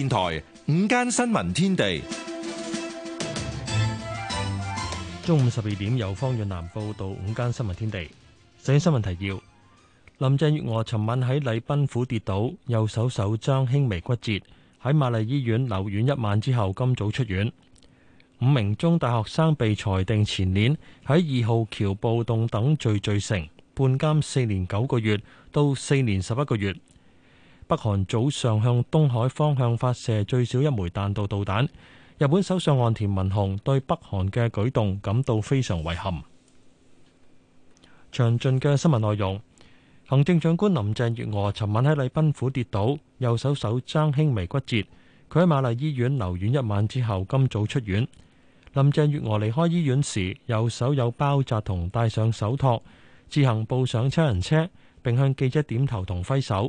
電台午間新聞天地，中午十二點由方潤南報道午間新聞天地。上日新聞提要：林鄭月娥尋晚喺禮賓府跌倒，右手手肘輕微骨折，喺瑪麗醫院留院一晚之後，今早出院。五名中大學生被裁定前年喺二號橋暴動等罪罪成，判監四年九個月到四年十一個月。北韓早上向東海方向發射最少一枚彈道導彈。日本首相岸田文雄對北韓嘅舉動感到非常遺憾。詳盡嘅新聞內容，行政長官林鄭月娥尋晚喺禮賓府跌倒，右手手踭輕微骨折。佢喺瑪麗醫院留院一晚之後，今早出院。林鄭月娥離開醫院時，右手有包紮，同戴上手托，自行步上七人車，並向記者點頭同揮手。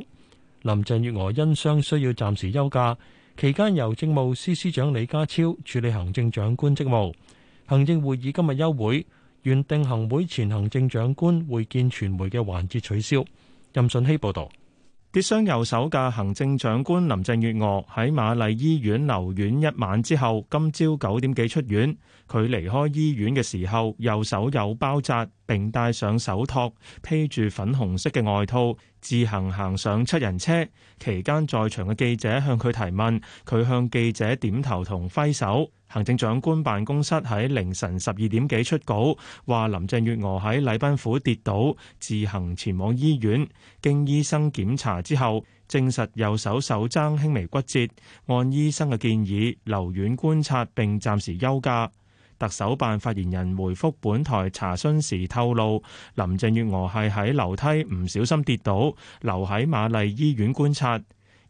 林鄭月娥因傷需要暫時休假，期間由政務司司長李家超處理行政長官職務。行政會議今日休會，原定行會前行政長官會見傳媒嘅環節取消。任信希報道。跌傷右手嘅行政長官林鄭月娥喺瑪麗醫院留院一晚之後，今朝九點幾出院。佢離開醫院嘅時候，右手有包紮，並戴上手托，披住粉紅色嘅外套，自行行上七人車。期間在場嘅記者向佢提問，佢向記者點頭同揮手。行政長官辦公室喺凌晨十二點幾出稿，話林鄭月娥喺禮賓府跌倒，自行前往醫院，經醫生檢查之後，證實右手手踭輕微骨折，按醫生嘅建議留院觀察並暫時休假。特首辦發言人回覆本台查詢時透露，林鄭月娥係喺樓梯唔小心跌倒，留喺瑪麗醫院觀察。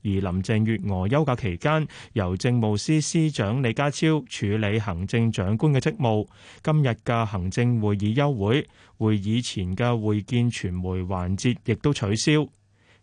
而林鄭月娥休假期間，由政務司司長李家超處理行政長官嘅職務，今日嘅行政會議休會，會議前嘅會見傳媒環節亦都取消。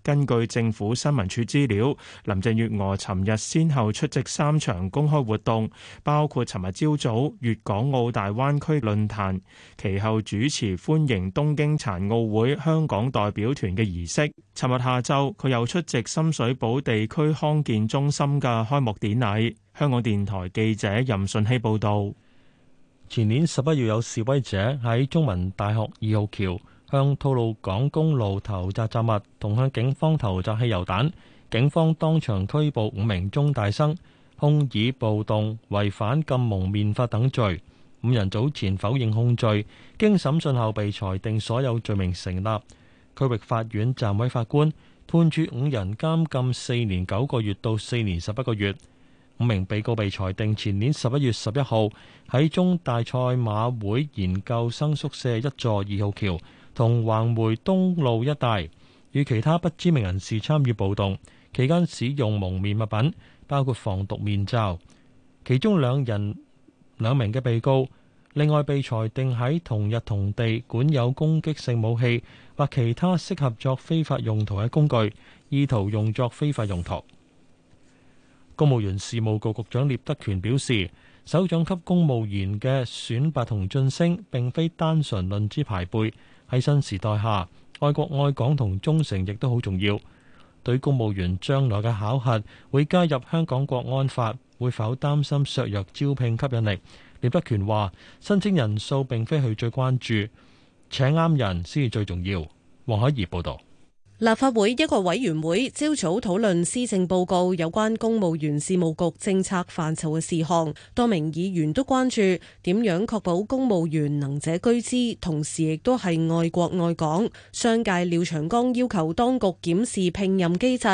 根據政府新聞處資料，林鄭月娥尋日先後出席三場公開活動，包括尋日朝早粵港澳大灣區論壇，其後主持歡迎東京殘奧會香港代表團嘅儀式。尋日下晝，佢又出席深水埗地區康健中心嘅開幕典禮。香港電台記者任順希報導。前年十一月有示威者喺中文大學二號橋，向吐露港公路投擲雜物，同向警方投擲汽油彈。警方當場拘捕五名中大生，控以暴動、違反禁蒙面法等罪。五人早前否認控罪，經審訊後被裁定所有罪名成立。區域法院暫委法官判處五人監禁四年九個月到四年十一個月。五名被告被裁定前年十一月十一號喺中大賽馬會研究生宿舍一座二號橋，同環迴東路一帶與其他不知名人士參與暴動期間，間使用蒙面物品，包括防毒面罩。其中兩人兩名嘅被告，另外被裁定喺同日同地管有攻擊性武器或其他適合作非法用途嘅工具，意圖用作非法用途。公務員事務局局長聶德權表示，首長級公務員嘅選拔同晉升並非單純論資排輩。喺新時代下，愛國愛港同忠誠亦都好重要。對公務員將來嘅考核，會加入香港國安法，會否擔心削弱招聘吸引力？聶德權話：申請人數並非佢最關注，請啱人先至最重要。黃海怡報道。立法會一個委員會朝早討論施政報告有關公務員事務局政策範疇嘅事項，多名議員都關注點樣確保公務員能者居之，同時亦都係愛國愛港。商界廖長江要求當局檢視聘任機制，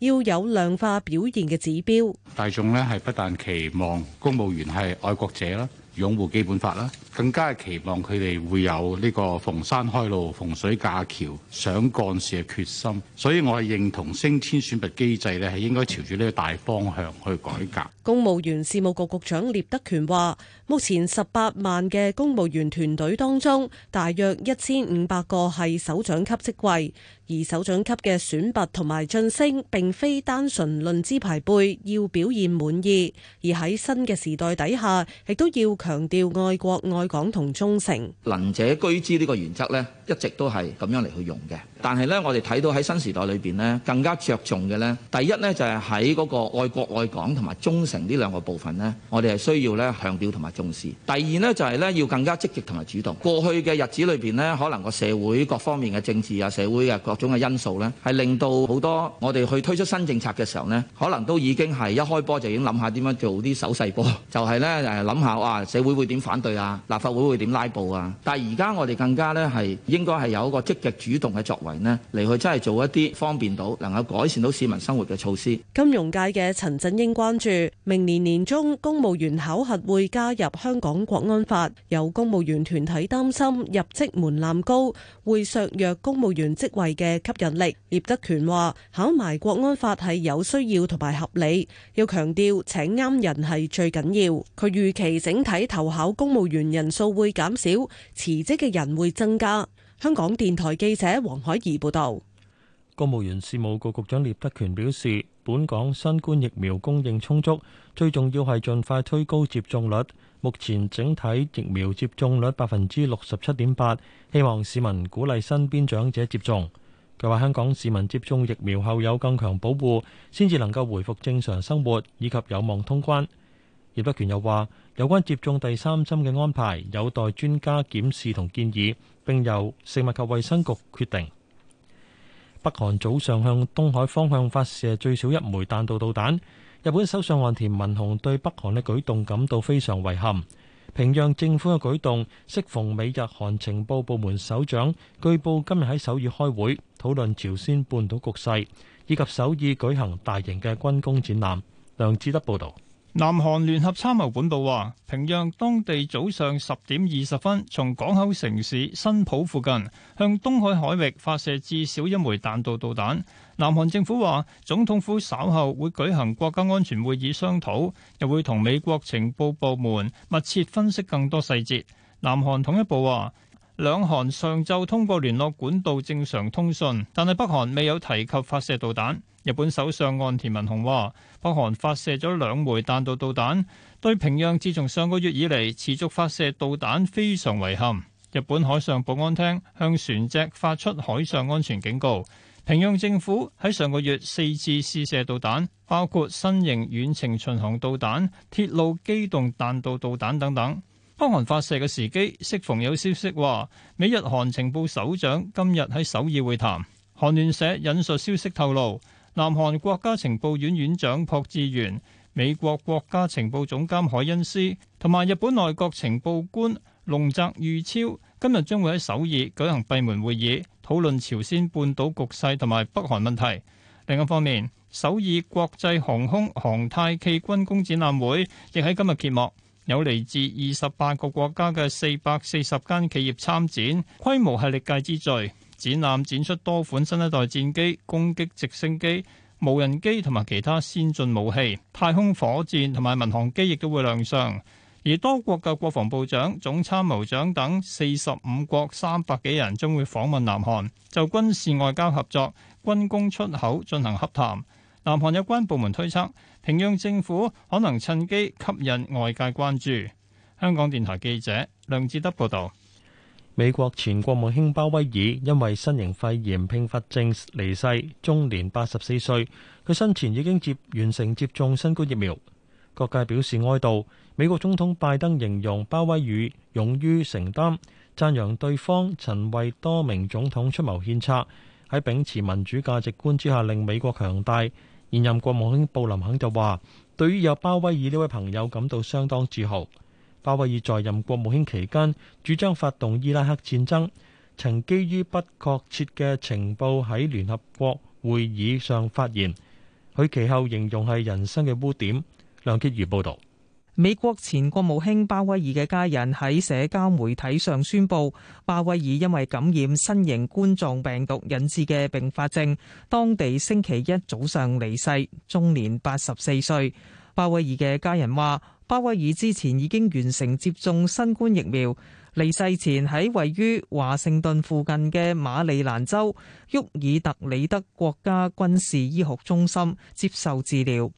要有量化表現嘅指標。大眾呢係不但期望公務員係愛國者啦。擁護基本法啦，更加係期望佢哋會有呢個逢山開路、逢水架橋、想幹事嘅決心，所以我係認同升遷選拔機制咧係應該朝住呢個大方向去改革。公務員事務局局長聶德權話，目前十八萬嘅公務員團隊當中，大約一千五百個係首長級職位，而首長級嘅選拔同埋晉升並非單純論資排輩，要表現滿意，而喺新嘅時代底下，亦都要強調愛國、愛港同忠誠，能者居之呢個原則呢，一直都係咁樣嚟去用嘅，但係呢，我哋睇到喺新時代裏邊呢，更加着重嘅呢，第一呢，就係喺嗰個愛國愛港同埋忠誠呢兩個部分呢，我哋係需要呢，強調同埋重視。第二呢，就係呢，要更加積極同埋主動。過去嘅日子裏邊呢，可能個社會各方面嘅政治啊、社會嘅各種嘅因素呢，係令到好多我哋去推出新政策嘅時候呢，可能都已經係一開波就已經諗下點樣做啲手勢波，就係呢，誒諗下哇社會會點反對啊，立法會會點拉布啊。但係而家我哋更加呢，係應。應該係有一個積極主動嘅作為呢嚟去真係做一啲方便到、能夠改善到市民生活嘅措施。金融界嘅陳振英關注明年年中公務員考核會加入香港國安法，有公務員團體擔心入職門檻高會削弱公務員職位嘅吸引力。葉德權話：考埋國安法係有需要同埋合理，要強調請啱人係最緊要。佢預期整體投考公務員人數會減少，辭職嘅人會增加。香港電台記者黃海怡報道，公務員事務局局長聶德權表示，本港新冠疫苗供應充足，最重要係盡快推高接種率。目前整體疫苗接種率百分之六十七點八，希望市民鼓勵身邊長者接種。佢話：香港市民接種疫苗後有更強保護，先至能夠回復正常生活以及有望通關。葉德權又話：有關接種第三針嘅安排，有待專家檢視同建議，並由食物及衛生局決定。北韓早上向東海方向發射最少一枚彈道導彈。日本首相岸田文雄對北韓嘅舉動感到非常遺憾。平壤政府嘅舉動，適逢美日韓情報部門首長，據報今日喺首爾開會，討論朝鮮半島局勢，以及首爾舉行大型嘅軍工展覽。梁志德報導。南韓聯合參謀本部話，平壤當地早上十點二十分，從港口城市新浦附近向東海海域發射至少一枚彈道導彈。南韓政府話，總統府稍後會舉行國家安全會議商討，又會同美國情報部門密切分析更多細節。南韓統一部話，兩韓上晝通過聯絡管道正常通訊，但係北韓未有提及發射導彈。日本首相岸田文雄話：北韓發射咗兩枚彈道導彈，對平壤自從上個月以嚟持續發射導彈非常遺憾。日本海上保安廳向船隻發出海上安全警告。平壤政府喺上個月四次試射導彈，包括新型遠程巡航導彈、鐵路機動彈道導彈等等。北韓發射嘅時機，適逢有消息話美日韓情報首長今日喺首爾會談。韓聯社引述消息透露。南韓國家情報院院長朴智元、美國國家情報總監海恩斯同埋日本內閣情報官龍澤裕超今日將會喺首爾舉行閉門會議，討論朝鮮半島局勢同埋北韓問題。另一方面，首爾國際航空航太暨軍工展覽會亦喺今日揭幕，有嚟自二十八個國家嘅四百四十間企業參展，規模係歷屆之最。展覽展出多款新一代戰機、攻擊直升機、無人機同埋其他先進武器、太空火箭同埋民航機，亦都會亮相。而多國嘅國防部長、總參謀長等四十五國三百幾人將會訪問南韓，就軍事外交合作、軍工出口進行洽談。南韓有關部門推測，平壤政府可能趁機吸引外界關注。香港電台記者梁志德報道。美國前國務卿鮑威爾因為新型肺炎併發症離世，終年八十四歲。佢生前已經接完成接種新冠疫苗，各界表示哀悼。美國總統拜登形容鮑威爾勇於承擔，讚揚對方曾為多名總統出謀獻策，喺秉持民主價值觀之下令美國強大。現任國務卿布林肯就話：對於有鮑威爾呢位朋友感到相當自豪。鮑威爾在任國務卿期間主張發動伊拉克戰爭，曾基於不確切嘅情報喺聯合國會議上發言，佢其後形容係人生嘅污點。梁潔如報道，美國前國務卿鮑威爾嘅家人喺社交媒體上宣佈，鮑威爾因為感染新型冠狀病毒引致嘅併發症，當地星期一早上離世，終年八十四歲。鮑威爾嘅家人話。鮑威爾之前已經完成接種新冠疫苗，離世前喺位於華盛頓附近嘅馬里蘭州沃爾特里德國家軍事醫學中心接受治療。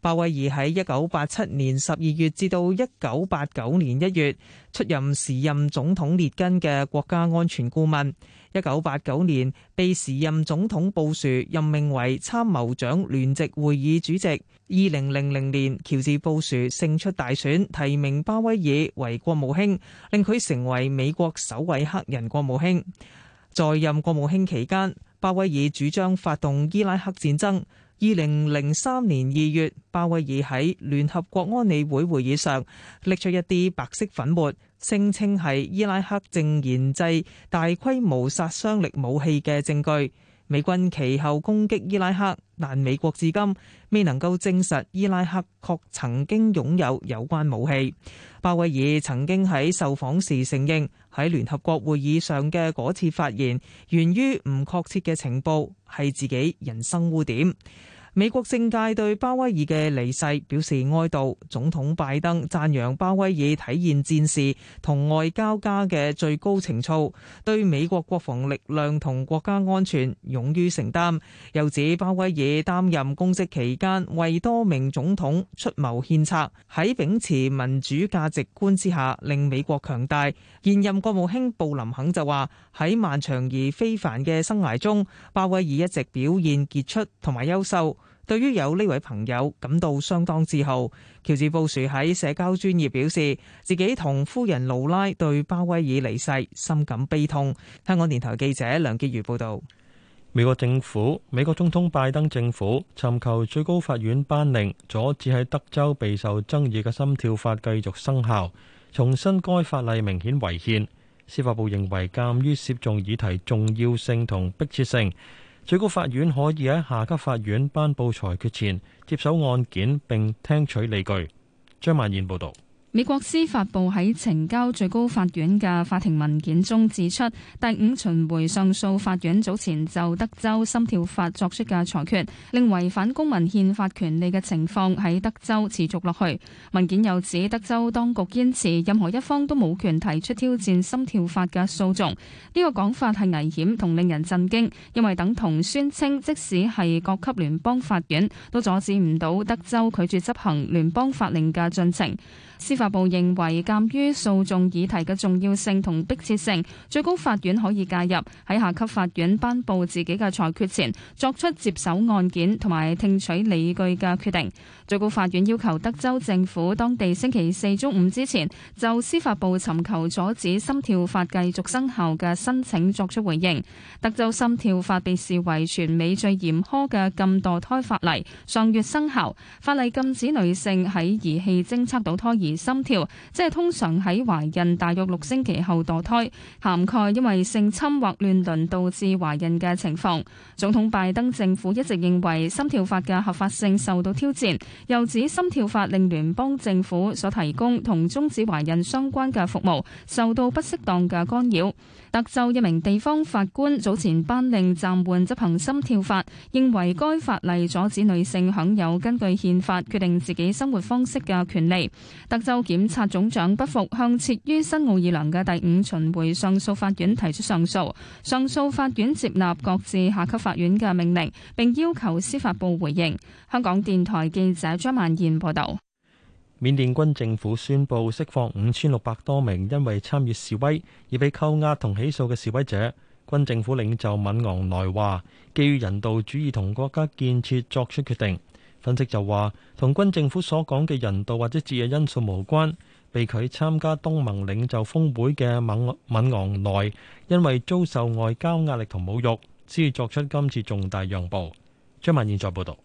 鮑威爾喺一九八七年十二月至到一九八九年一月出任時任總統列根嘅國家安全顧問，一九八九年被時任總統布殊任命為參謀長聯席會議主席。二零零零年，喬治布殊勝出大選，提名鮑威爾為國務卿，令佢成為美國首位黑人國務卿。在任國務卿期間，鮑威爾主張發動伊拉克戰爭。二零零三年二月，鮑威爾喺聯合國安理會會議上，拎出一啲白色粉末，聲稱係伊拉克正研製大規模殺傷力武器嘅證據。美軍其後攻擊伊拉克，但美國至今未能夠證實伊拉克確曾經擁有有關武器。鮑威爾曾經喺受訪時承認，喺聯合國會議上嘅嗰次發言，源於唔確切嘅情報，係自己人生污點。美國政界對鮑威爾嘅離世表示哀悼。總統拜登讚揚鮑威爾體現戰士同外交家嘅最高情操，對美國國防力量同國家安全勇於承擔。又指鮑威爾擔任公職期間，為多名總統出謀獻策，喺秉持民主價值觀之下，令美國強大。現任國務卿布林肯就話喺漫長而非凡嘅生涯中，鮑威爾一直表現傑出同埋優秀。對於有呢位朋友感到相當自豪。喬治布殊喺社交專業表示，自己同夫人勞拉對鮑威爾離世深感悲痛。香港電台記者梁潔如報導。美國政府，美國總統拜登政府尋求最高法院頒令阻止喺德州備受爭議嘅心跳法繼續生效，重申該法例明顯違憲。司法部認為，鑑於涉眾議題重要性同迫切性。最高法院可以喺下級法院頒布裁決前接手案件並聽取理據。張曼燕報導。美國司法部喺呈交最高法院嘅法庭文件中指出，第五巡回上訴法院早前就德州心跳法作出嘅裁決，令違反公民憲法權利嘅情況喺德州持續落去。文件又指，德州當局堅持任何一方都冇權提出挑戰心跳法嘅訴訟，呢個講法係危險同令人震驚，因為等同宣稱即使係各級聯邦法院都阻止唔到德州拒絕執行聯邦法令嘅進程。司法部認為，鑑於訴訟議題嘅重要性同迫切性，最高法院可以介入，喺下級法院頒佈自己嘅裁決前，作出接手案件同埋聽取理據嘅決定。最高法院要求德州政府當地星期四中午之前，就司法部尋求阻止心跳法繼續生效嘅申請作出回應。德州心跳法被視為全美最嚴苛嘅禁墮胎法例。上月生效，法例禁止女性喺儀器偵測到胎兒心跳，即係通常喺懷孕大約六星期後墮胎，涵蓋因為性侵或亂倫導致懷孕嘅情況。總統拜登政府一直認為心跳法嘅合法性受到挑戰。又指心跳法令聯邦政府所提供同終止懷孕相關嘅服務受到不適當嘅干擾。德州一名地方法官早前頒令暫緩執行心跳法，認為該法例阻止女性享有根據憲法決定自己生活方式嘅權利。德州檢察總長不服，向設於新奧爾良嘅第五巡迴上訴法院提出上訴。上訴法院接納各自下級法院嘅命令，並要求司法部回應。香港電台記者張萬燕報道。緬甸軍政府宣布釋放五千六百多名因為參與示威而被扣押同起訴嘅示威者。軍政府領袖敏昂萊話，基於人道主義同國家建設作出決定。分析就話，同軍政府所講嘅人道或者政治因素無關。被拒參加東盟領袖峰會嘅敏昂萊，因為遭受外交壓力同侮辱，先至作出今次重大讓步。張文燕現在報道。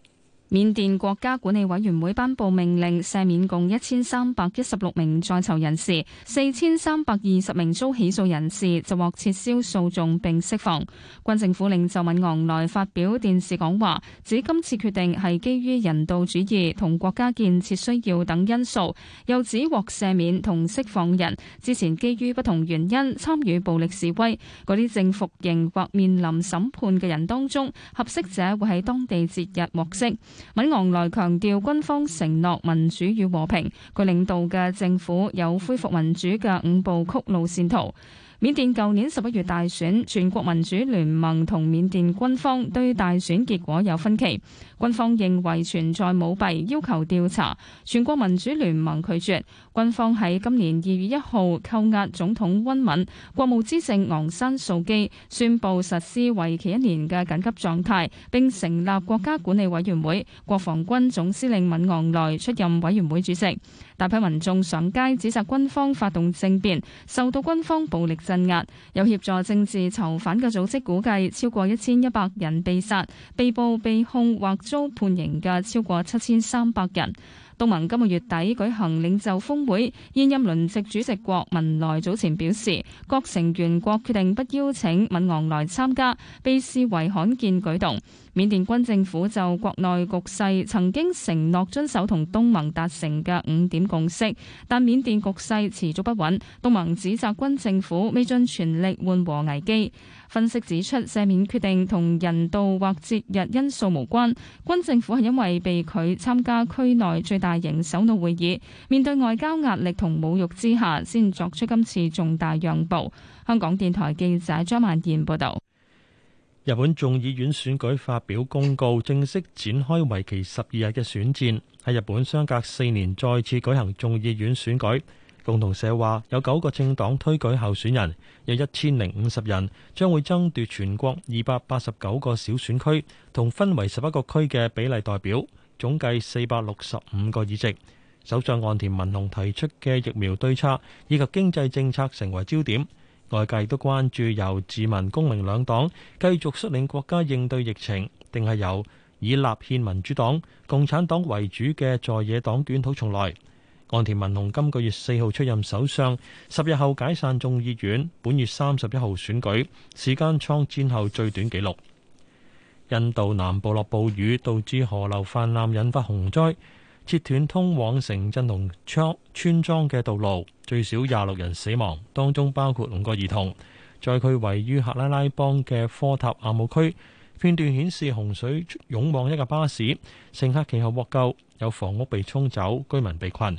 緬甸國家管理委員會頒布命令，赦免共一千三百一十六名在囚人士，四千三百二十名遭起訴人士就獲撤銷訴訟並釋放。軍政府令就敏昂萊發表電視講話，指今次決定係基於人道主義同國家建設需要等因素，又指獲赦免同釋放人之前，基於不同原因參與暴力示威嗰啲正服刑或面臨審判嘅人當中，合適者會喺當地節日獲釋。敏昂萊強調軍方承諾民主與和平，佢領導嘅政府有恢復民主嘅五部曲路線圖。緬甸舊年十一月大選，全國民主聯盟同緬甸軍方對大選結果有分歧。軍方認為存在舞弊，要求調查。全國民主聯盟拒絕。軍方喺今年二月一號扣押總統温敏、國務資政昂山素姬，宣佈實施為期一年嘅緊急狀態，並成立國家管理委員會，國防軍總司令敏昂萊，萊出任委員會主席。大批民眾上街指責軍方發動政變，受到軍方暴力鎮壓。有協助政治囚犯嘅組織估計，超過一千一百人被殺、被捕、被控或遭判刑嘅超過七千三百人。東盟今個月底舉行領袖峰會，現任輪值主席國文萊早前表示，各成員國決定不邀請敏昂萊參加，被視為罕見舉動。緬甸軍政府就國內局勢曾經承諾遵守同東盟達成嘅五點共識，但緬甸局勢持續不穩，東盟指責軍政府未盡全力緩和危機。分析指出，赦免決定同人道或節日因素無關，軍政府係因為被拒參加區內最大型首腦會議，面對外交壓力同侮辱之下，先作出今次重大讓步。香港電台記者張曼燕報道。日本眾議院選舉發表公告，正式展開為期十二日嘅選戰，喺日本相隔四年再次舉行眾議院選舉。共同社話，有九個政黨推舉候選人，有一千零五十人將會爭奪全國二百八十九個小選區同分為十一個區嘅比例代表，總計四百六十五個議席。首相岸田文雄提出嘅疫苗對策以及經濟政策成為焦點，外界都關注由自民、公明兩黨繼續率領國家應對疫情，定係由以立憲民主黨、共產黨為主嘅在野黨捲土重來。岸田文雄今個月四號出任首相，十日後解散眾議院，本月三十一號選舉，時間創戰後最短紀錄。印度南部落暴雨，導致河流泛濫，引發洪災，切斷通往城鎮同村莊嘅道路，最少廿六人死亡，當中包括五個兒童。在佢位於克拉拉邦嘅科塔亞姆區，片段顯示洪水湧往一架巴士，乘客其後獲救，有房屋被沖走，居民被困。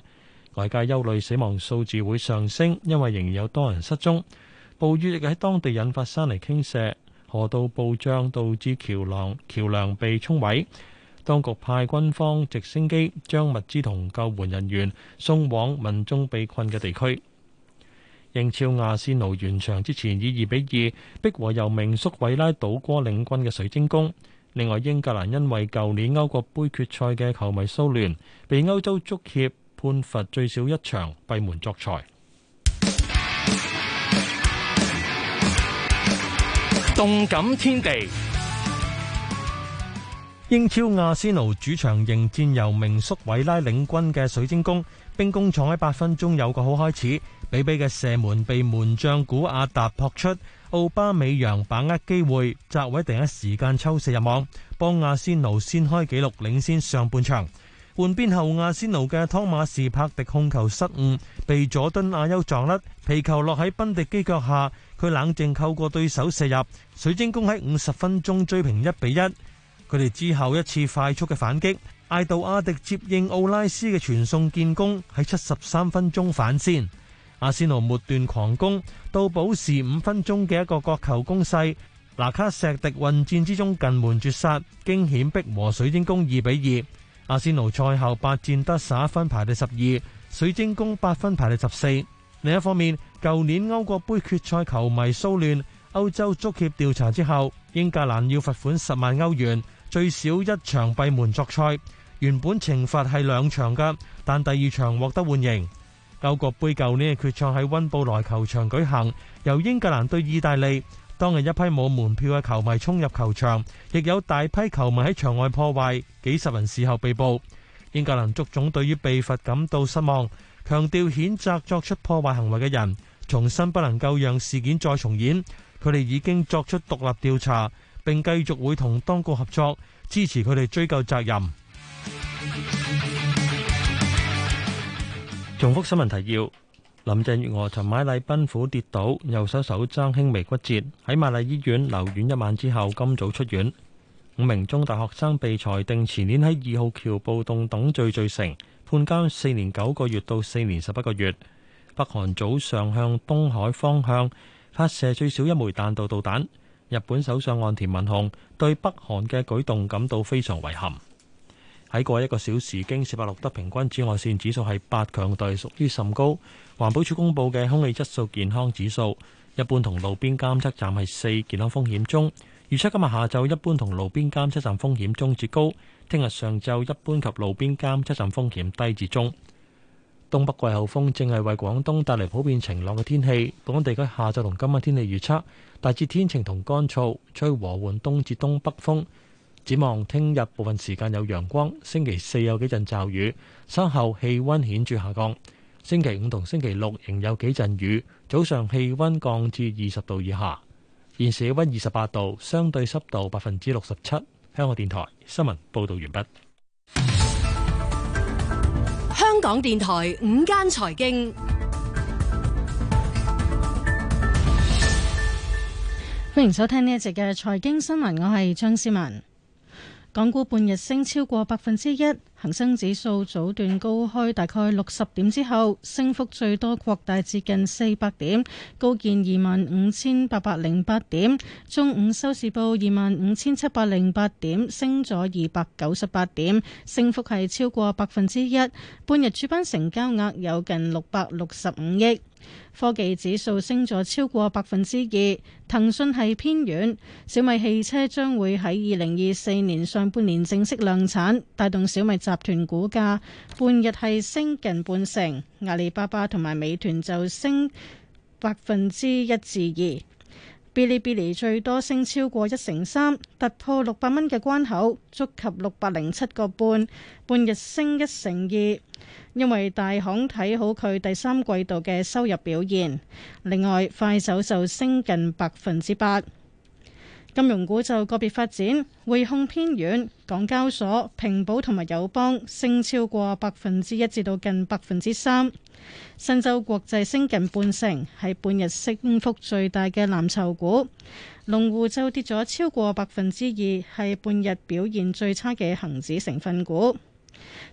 外界憂慮死亡數字會上升，因為仍然有多人失蹤。暴雨亦喺當地引發山泥傾瀉、河道暴漲，導致橋樑橋樑被沖毀。當局派軍方直升機將物資同救援人員送往民眾被困嘅地區。英超阿仙奴完場之前以二比二逼和由名宿韋拉倒戈領軍嘅水晶宮。另外，英格蘭因為舊年歐國杯決賽嘅球迷騷亂，被歐洲足協。判罰最少一場閉門作賽。動感天地，英超阿仙奴主場迎戰由明蘇韋拉領軍嘅水晶宮。兵工廠喺八分鐘有個好開始，比比嘅射門被門將古阿達撲出，奧巴美揚把握機會，扎位第一時間抽射入網，幫阿仙奴先開紀錄，領先上半場。換邊後，阿仙奴嘅湯馬士帕迪控球失誤，被佐敦阿優撞甩皮球，落喺賓迪基腳下。佢冷靜扣過對手射入，水晶宮喺五十分鐘追平一比一。佢哋之後一次快速嘅反擊，艾杜阿迪接應奧拉斯嘅傳送建功，喺七十三分鐘反先。阿仙奴末段狂攻，到補時五分鐘嘅一個角球攻勢，拿卡石迪混戰之中近門絕殺，驚險逼和水晶宮二比二。阿仙奴賽後八戰得十一分，排第十二；水晶宮八分排第十四。另一方面，舊年歐國杯決賽球迷騷亂，歐洲足協調查之後，英格蘭要罰款十萬歐元，最少一場閉門作賽。原本懲罰係兩場㗎，但第二場獲得緩刑。歐國杯舊年嘅決賽喺溫布萊球場舉行，由英格蘭對意大利。當日一批冇門票嘅球迷衝入球場，亦有大批球迷喺場外破壞，幾十人事後被捕。英格蘭足總對於被罰感到失望，強調譴責作出破壞行為嘅人，重申不能夠讓事件再重演。佢哋已經作出獨立調查，並繼續會同當局合作，支持佢哋追究責任。重複新聞提要。林鄭月娥尋晚禮賓府跌倒，右手手踭輕微骨折，喺瑪麗醫院留院一晚之後，今早出院。五名中大學生被裁定前年喺二號橋暴動等罪罪成，判監四年九個月到四年十一個月。北韓早上向東海方向發射最少一枚彈道導彈，日本首相岸田文雄對北韓嘅舉動感到非常遺憾。喺過一個小時經，經四百六，得平均紫外綫指數係八，強度屬於甚高。環保署公布嘅空氣質素健康指數，一般同路邊監測站係四，健康風險中。預測今日下晝一般同路邊監測站風險中至高，聽日上晝一般及路邊監測站風險低至中。東北季候風正係為廣東帶嚟普遍晴朗嘅天氣。廣東地區下晝同今日天氣預測大致天晴同乾燥，吹和緩東至東北風。展望聽日部分時間有陽光，星期四有幾陣驟雨，稍後氣溫顯著下降。星期五同星期六仍有幾陣雨，早上氣溫降至二十度以下。現時氣溫二十八度，相對濕度百分之六十七。香港電台新聞報道完畢。香港電台五間財經，經，歡迎收聽呢一節嘅財經新聞，我係張思文。港股半日升超過百分之一。恒生指數早段高開大概六十點之後，升幅最多擴大至近四百點，高見二萬五千八百零八點。中午收市報二萬五千七百零八點，升咗二百九十八點，升幅係超過百分之一。半日主板成交額有近六百六十五億。科技指數升咗超過百分之二。騰訊係偏軟，小米汽車將會喺二零二四年上半年正式量產，帶動小米。集團股價半日係升近半成，阿里巴巴同埋美團就升百分之一至二，嗶哩嗶哩最多升超過一成三，突破六百蚊嘅關口，觸及六百零七個半，半日升一成二，因為大行睇好佢第三季度嘅收入表現。另外，快手就升近百分之八。金融股就個別發展，匯控偏軟，港交所、平保同埋友邦升超過百分之一，至到近百分之三。申洲國際升近半成，係半日升幅最大嘅藍籌股。龍湖就跌咗超過百分之二，係半日表現最差嘅恒指成分股。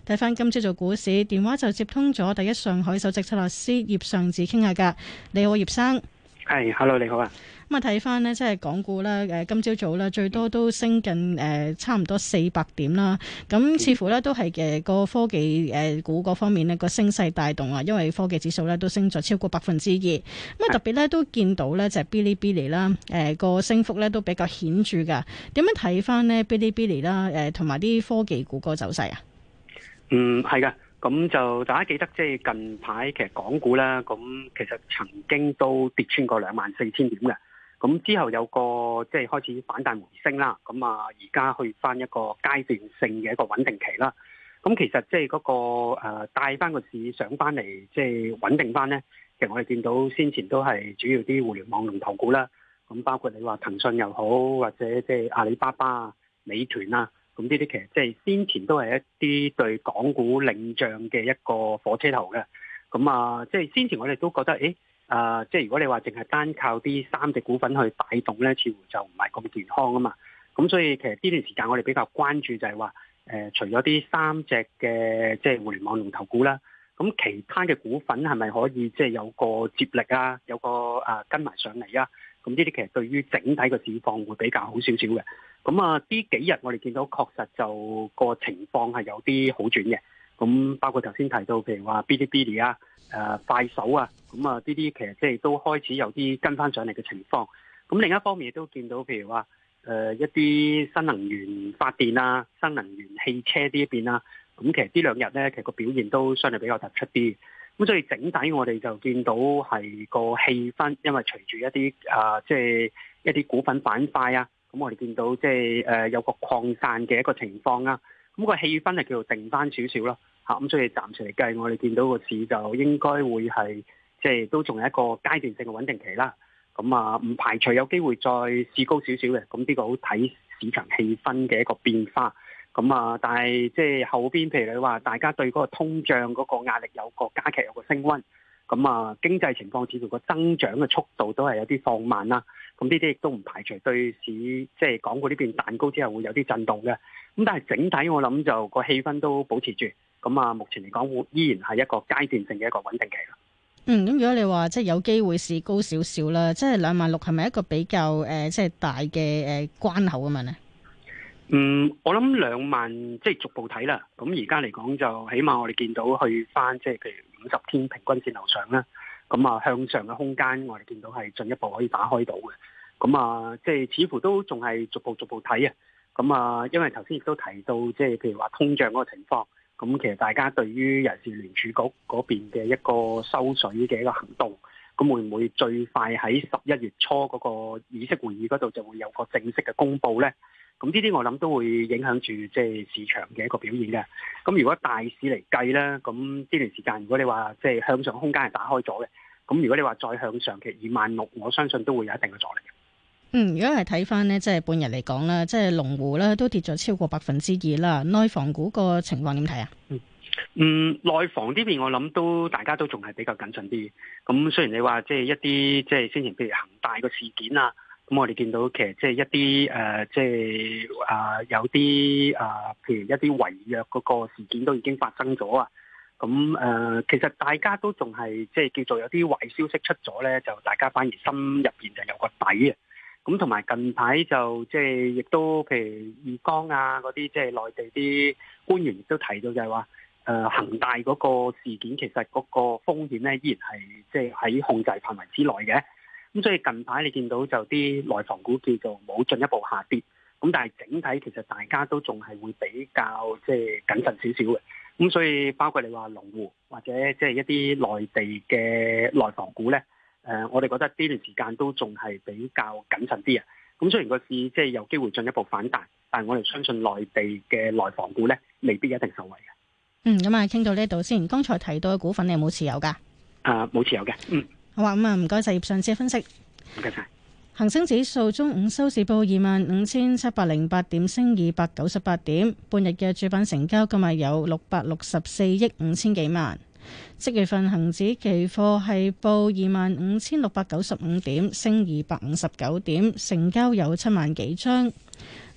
睇翻今朝早股市，電話就接通咗第一上海首席策略師葉尚志傾下偈。你好，葉生。係，hello，你好啊。咁啊，睇翻咧，即係港股咧，誒，今朝早咧，最多都升近誒，差唔多四百點啦。咁似乎咧都係嘅個科技誒股嗰方面咧個升勢帶動啊，因為科技指數咧都升咗超過百分之二。咁啊，嗯、特別咧都見到咧就係 Bilibili 啦，誒，個升幅咧都比較顯著噶。點樣睇翻咧 Bilibili 啦，誒，同埋啲科技股個走勢啊？嗯，係嘅。咁就大家記得，即係近排其實港股啦，咁其實曾經都跌穿過兩萬四千點嘅。咁之後有個即係開始反彈回升啦，咁啊，而家去翻一個階段性嘅一個穩定期啦。咁其實即係嗰個誒帶翻個市上翻嚟，即係穩定翻咧。其實我哋見到先前都係主要啲互聯網龍頭股啦，咁包括你話騰訊又好，或者即係阿里巴巴、美團啊，咁呢啲其實即係先前都係一啲對港股領漲嘅一個火車頭嘅。咁啊，即係先前我哋都覺得誒。欸誒、呃，即係如果你話淨係單靠啲三隻股份去帶動咧，似乎就唔係咁健康啊嘛。咁、嗯、所以其實呢段時間我哋比較關注就係話，誒、呃，除咗啲三隻嘅即係互聯網龍頭股啦，咁、嗯、其他嘅股份係咪可以即係有個接力啊，有個啊跟埋上嚟啊。咁呢啲其實對於整體個市況會比較好少少嘅。咁、嗯、啊，呢幾日我哋見到確實就、這個情況係有啲好轉嘅。咁包括頭先提到，譬如話 Bilibili 啊、誒、啊、快手啊，咁啊，呢啲其實即係都開始有啲跟翻上嚟嘅情況。咁另一方面亦都見到，譬如話誒一啲新能源發電啊、新能源汽車呢一邊啊，咁其實兩呢兩日咧，其實個表現都相對比較突出啲。咁所以整體我哋就見到係個氣氛，因為隨住一啲誒即係一啲股份板塊啊，咁我哋見到即係誒有個擴散嘅一個情況啊。咁個氣氛係叫做定翻少少咯，嚇、嗯、咁所以暫時嚟計，我哋見到個市就應該會係即係都仲係一個階段性嘅穩定期啦。咁、嗯、啊，唔排除有機會再試高少少嘅。咁、嗯、呢、呢個好睇市場氣氛嘅一個變化。咁、嗯、啊，但係即係後邊，譬如你話大家對嗰個通脹嗰個壓力有個加劇，有個升溫。咁、嗯、啊、嗯，經濟情況似乎個增長嘅速度都係有啲放慢啦。咁呢啲亦都唔排除對市即係港股呢邊彈高之後會有啲震動嘅。咁但係整體我諗就個氣氛都保持住，咁啊目前嚟講，依然係一個階段性嘅一個穩定期啦。嗯，咁如果你話即係有機會試高少少啦，即係兩萬六係咪一個比較誒、呃，即係大嘅誒、呃、關口咁樣咧？嗯，我諗兩萬即係逐步睇啦。咁而家嚟講就起碼我哋見到去返，即係譬如五十天平均綫樓上啦。咁啊向上嘅空間，我哋見到係進一步可以打開到嘅。咁啊，即係似乎都仲係逐步逐步睇啊。咁啊，因為頭先亦都提到，即係譬如話通脹嗰個情況，咁其實大家對於人事聯儲局嗰邊嘅一個收水嘅一個行動，咁會唔會最快喺十一月初嗰個議息會議嗰度就會有個正式嘅公佈呢？咁呢啲我諗都會影響住即係市場嘅一個表現嘅。咁如果大市嚟計呢，咁呢段時間如果你話即係向上空間係打開咗嘅，咁如果你話再向上嘅二萬六，26，我相信都會有一定嘅阻力。嗯，如果係睇翻咧，即係半日嚟講啦，即係龍湖咧都跌咗超過百分之二啦。內房股個情況點睇啊？嗯，內房呢邊我諗都大家都仲係比較謹慎啲。咁雖然你話即係一啲即係先前譬如恒大個事件啊，咁我哋見到其實即係一啲誒、呃，即係啊、呃、有啲啊、呃，譬如一啲違約嗰個事件都已經發生咗啊。咁誒、呃，其實大家都仲係即係叫做有啲壞消息出咗咧，就大家反而心入面就有個底啊。咁同埋近排就即係亦都譬如易綱，啊嗰啲即係內地啲官員亦都提到就係話，誒，恒大嗰個事件其實嗰個風險咧依然係即係喺控制範圍之內嘅。咁所以近排你見到就啲內房股叫做冇進一步下跌。咁但係整體其實大家都仲係會比較即係謹慎少少嘅。咁所以包括你話龍湖或者即係一啲內地嘅內房股咧。誒，uh, 我哋覺得呢段時間都仲係比較謹慎啲啊。咁雖然個市即係有機會進一步反彈，但係我哋相信內地嘅內房股咧，未必一定受惠嘅，嗯。嗯，咁啊，傾到呢度先。剛才提到嘅股份，你有冇持有噶？啊，冇持有嘅。嗯，好啊。咁、嗯、啊，唔該，謝，葉小姐上次嘅分析。唔該曬。恆生指數中午收市報二萬五千七百零八點，升二百九十八點。半日嘅主板成交今日有六百六十四億五千幾萬。即月份恒指期貨係報二萬五千六百九十五點，升二百五十九點，成交有七萬幾張。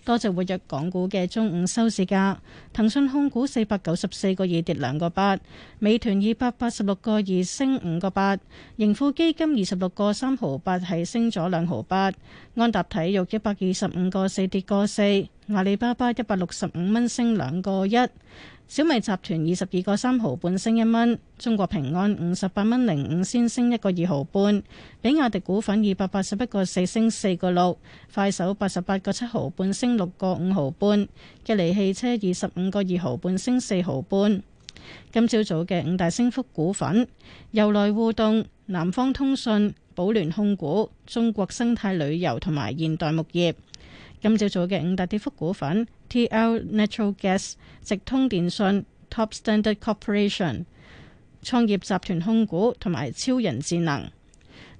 多隻活躍港股嘅中午收市價：騰訊控股四百九十四個二跌兩個八，美團二百八十六個二升五個八，盈富基金二十六個三毫八係升咗兩毫八，安踏體育一百二十五個四跌個四，阿里巴巴一百六十五蚊升兩個一。小米集團二十二個三毫半升一蚊，中國平安五十八蚊零五先升一個二毫半，比亞迪股份二百八十一個四升四個六，快手八十八個七毫半升六個五毫半，吉利汽車二十五個二毫半升四毫半。今朝早嘅五大升幅股份，由來互動、南方通訊、寶聯控股、中國生態旅遊同埋現代牧業。今朝早嘅五大跌幅股份：T.L. Natural Gas、直通電訊、Top Standard Corporation、創業集團控股同埋超人智能。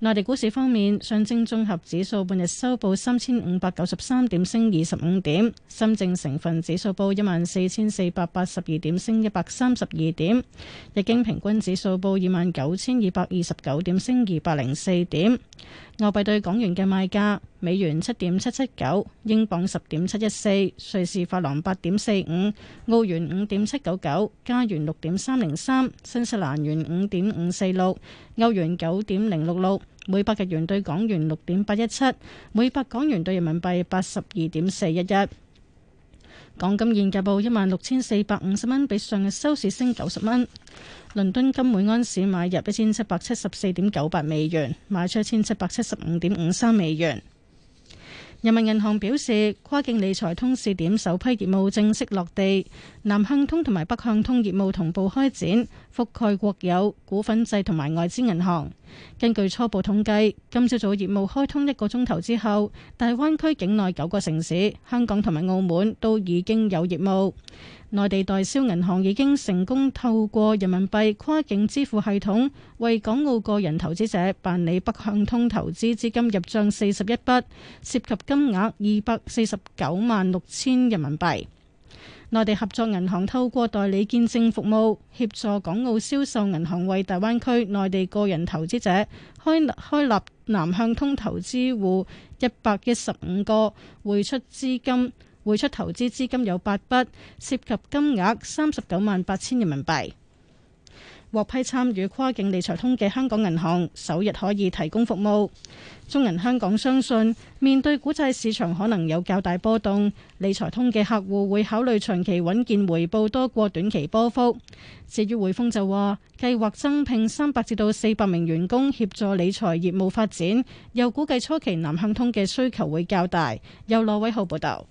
內地股市方面，上證綜合指數半日收報三千五百九十三點，升二十五點；深證成分指數報一萬四千四百八十二點，升一百三十二點；日經平均指數報二萬九千二百二十九點，升二百零四點。外幣對港元嘅賣價：美元七點七七九，英鎊十點七一四，瑞士法郎八點四五，澳元五點七九九，加元六點三零三，新西蘭元五點五四六，歐元九點零六六，每百日元對港元六點八一七，每百港元對人民幣八十二點四一一。港金現價報一萬六千四百五十蚊，比上日收市升九十蚊。倫敦金每安士買入一千七百七十四點九八美元，賣出一千七百七十五點五三美元。人民銀行表示，跨境理財通試點首批業務正式落地，南向通同埋北向通業務同步開展，覆蓋國有、股份制同埋外資銀行。根據初步統計，今朝早業務開通一個鐘頭之後，大灣區境內九個城市，香港同埋澳門都已經有業務。內地代銷銀行已經成功透過人民幣跨境支付系統，為港澳個人投資者辦理北向通投資資金入賬四十一筆，涉及金額二百四十九萬六千人民幣。內地合作銀行透過代理見證服務，協助港澳銷售銀行為大灣區內地個人投資者開開立南向通投資戶一百一十五個，匯出資金，匯出投資資金有八筆，涉及金額三十九萬八千人民幣。獲批參與跨境理財通嘅香港銀行首日可以提供服務。中銀香港相信，面對股債市場可能有較大波動，理財通嘅客戶會考慮長期穩健回報多過短期波幅。至於匯豐就話計劃增聘三百至到四百名員工協助理財業務發展，又估計初期南向通嘅需求會較大。由羅偉浩報道。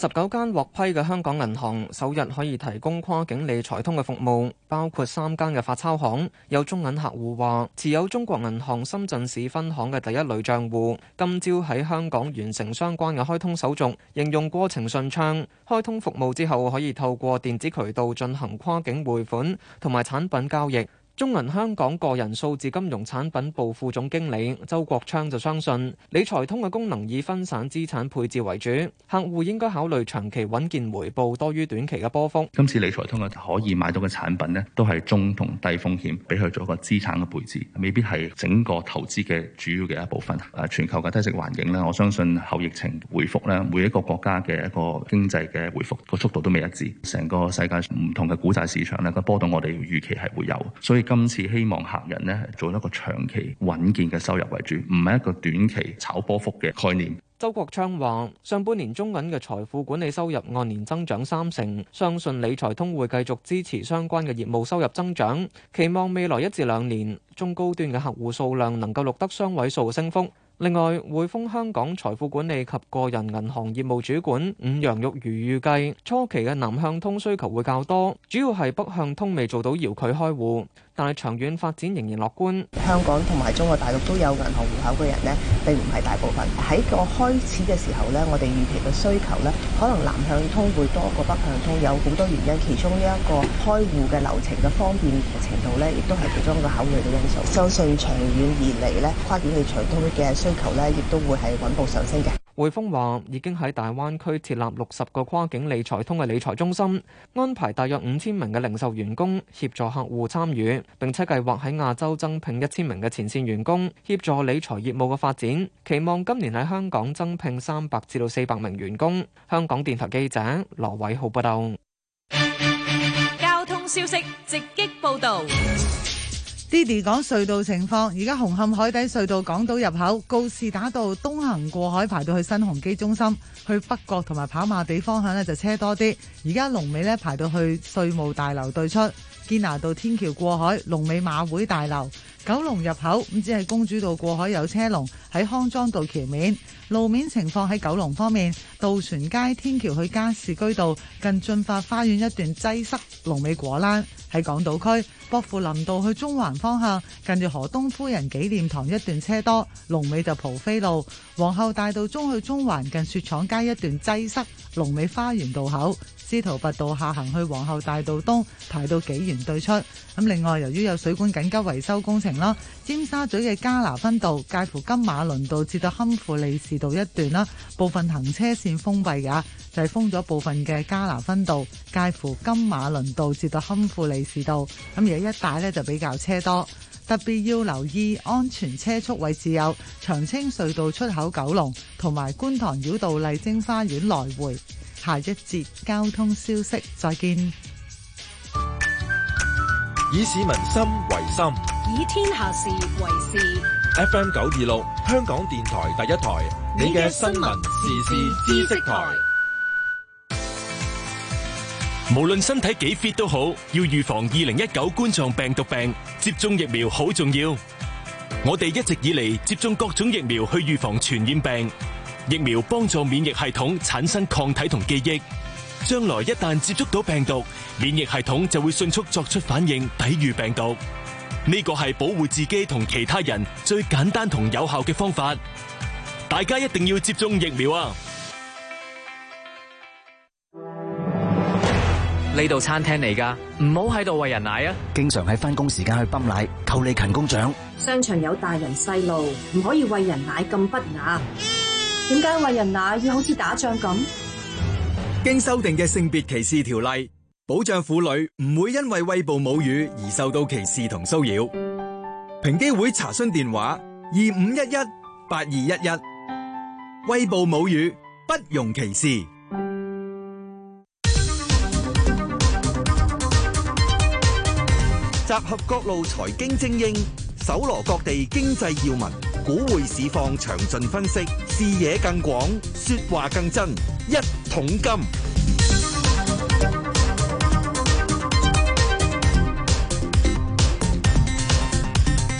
十九間獲批嘅香港銀行首日可以提供跨境理財通嘅服務，包括三間嘅發鈔行。有中銀客戶話，持有中國銀行深圳市分行嘅第一類賬戶，今朝喺香港完成相關嘅開通手續，應用過程順暢。開通服務之後，可以透過電子渠道進行跨境匯款同埋產品交易。中銀香港個人數字金融產品部副總經理周國昌就相信理財通嘅功能以分散資產配置為主，客戶應該考慮長期穩健回報多於短期嘅波幅。今次理財通嘅可以買到嘅產品咧，都係中同低風險，俾佢做一個資產嘅配置，未必係整個投資嘅主要嘅一部分。誒，全球嘅低息環境咧，我相信後疫情回復咧，每一個國家嘅一個經濟嘅回復個速度都未一致，成個世界唔同嘅股債市場咧個波動，我哋預期係會有，所以。今次希望客人呢做一個長期穩健嘅收入為主，唔係一個短期炒波幅嘅概念。周國昌話，上半年中銀嘅財富管理收入按年增長三成，相信理財通會繼續支持相關嘅業務收入增長，期望未來一至兩年中高端嘅客戶數量能夠錄得雙位數升幅。另外，匯豐香港財富管理及個人銀行業務主管伍楊玉如預計初期嘅南向通需求會較多，主要係北向通未做到遙距開戶。但係長遠發展仍然樂觀。香港同埋中國大陸都有銀行戶口嘅人呢，並唔係大部分。喺個開始嘅時候呢，我哋預期嘅需求呢，可能南向通會多過北向通，有好多原因。其中一個開戶嘅流程嘅方便程度呢，亦都係其中一個考慮嘅因素。相信長遠而嚟呢，跨境理財通嘅需求呢，亦都會係穩步上升嘅。匯豐話已經喺大灣區設立六十個跨境理財通嘅理財中心，安排大約五千名嘅零售員工協助客戶參與，並且計劃喺亞洲增聘一千名嘅前線員工協助理財業務嘅發展，期望今年喺香港增聘三百至到四百名員工。香港電台記者羅偉浩報道。交通消息直擊報道。Diddy 講隧道情況，而家紅磡海底隧道港島入口告士打道東行過海排到去新鴻基中心，去北角同埋跑馬地方向呢就車多啲。而家龍尾呢排到去稅務大樓對出。堅拿道天橋過海，龍尾馬會大樓；九龍入口咁，只係公主道過海有車龍，喺康莊道橋面路面情況喺九龍方面，渡船街天橋去加士居道近駿發花園一段擠塞龍，龍尾果欄。喺港島區，薄扶林道去中環方向近住河東夫人紀念堂一段車多，龍尾就蒲飛路。皇后大道中去中環近雪廠街一段擠塞，龍尾花園道口。司徒拔道下行去皇后大道東，排到紀元對出。咁另外，由於有水管緊急維修工程啦，尖沙咀嘅加拿分道介乎金馬倫道至到堪富利士道一段啦，部分行車線封閉嘅，就係、是、封咗部分嘅加拿分道介乎金馬倫道至到堪富利士道。咁而家一帶呢，就比較車多，特別要留意安全車速位置，置，有長青隧道出口九龍、九龍同埋觀塘繞道麗晶花園來回。下一節交通消息，再見。以市民心為心，以天下事為事。FM 九二六，香港電台第一台，你嘅新聞時事知識台。無論身體幾 fit 都好，要預防二零一九冠狀病毒病，接種疫苗好重要。我哋一直以嚟接種各種疫苗去預防傳染病。疫苗幫助免疫系統產生抗體同記憶，將來一旦接觸到病毒，免疫系統就會迅速作出反應抵禦病毒。呢個係保護自己同其他人最簡單同有效嘅方法。大家一定要接種疫苗啊！呢度餐廳嚟㗎，唔好喺度喂人奶啊！經常喺翻工時間去泵奶，扣你勤工獎。商場有大人細路，唔可以喂人奶咁不雅。點解餵人奶要好似打仗咁？經修訂嘅性別歧視條例，保障婦女唔會因為餵哺母乳而受到歧視同騷擾。平機會查詢電話：二五一一八二一一。餵哺母乳，不容歧視。集合各路財經精英，搜羅各地經濟要聞。股匯市況詳盡分析，視野更廣，説話更真，一桶金。